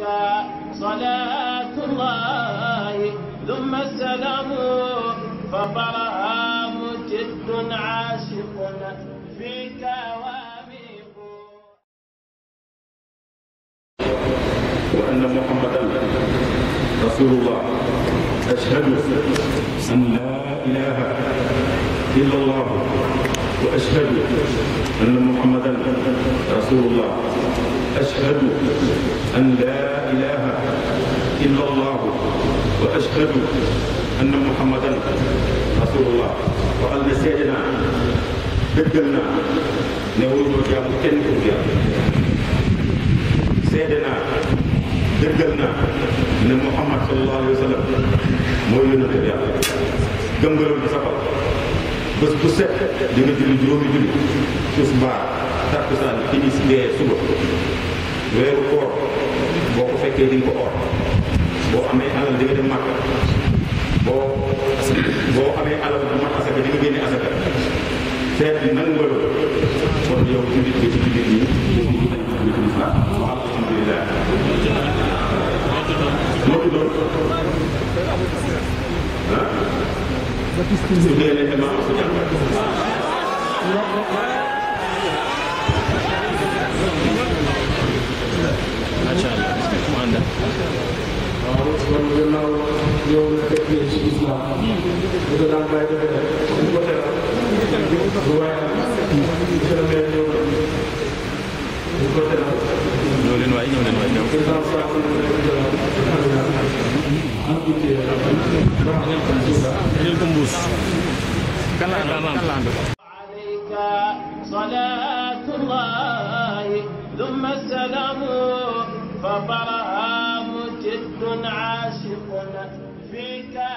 عليك صلاة الله ثم السلام فبرهام جد عاشق فيك واميق وأن محمدا رسول الله أشهد أن لا إله إلا الله وأشهد أن محمدا رسول الله أشهد أن لا إله إلا الله وأشهد أن محمدا رسول الله waxal ne seede naa dëggal naa ne waruñoo jaamu kenn ku yàlla seede naa dëggal naa ne Muhammad sallallahu alayhi wa sallam mooy yónnate bi yàlla gëm-gërëm bi sabal bés bu set di nga julli juróomi julli tisbaar takkusaan timis gee suba weeru koor boo ko fekkee di ko or boo amee alal di dem màkk boo boo amee alal bu mat asaka di nga génne asaka seet bi ci jullit alhamdulillah moo tuddoon ah su man gannaaw yow na fekk ci islam bu ko daan bàyyi defee bu ko teral bu waaye bu ko defee ñëw na bu ko teral ñëw leen waay ñëw leen waay ñëw président saa ko ne am ittee ñëw ko mbuus kalaand صلاة الله ثم السلام فبرهام جد على بك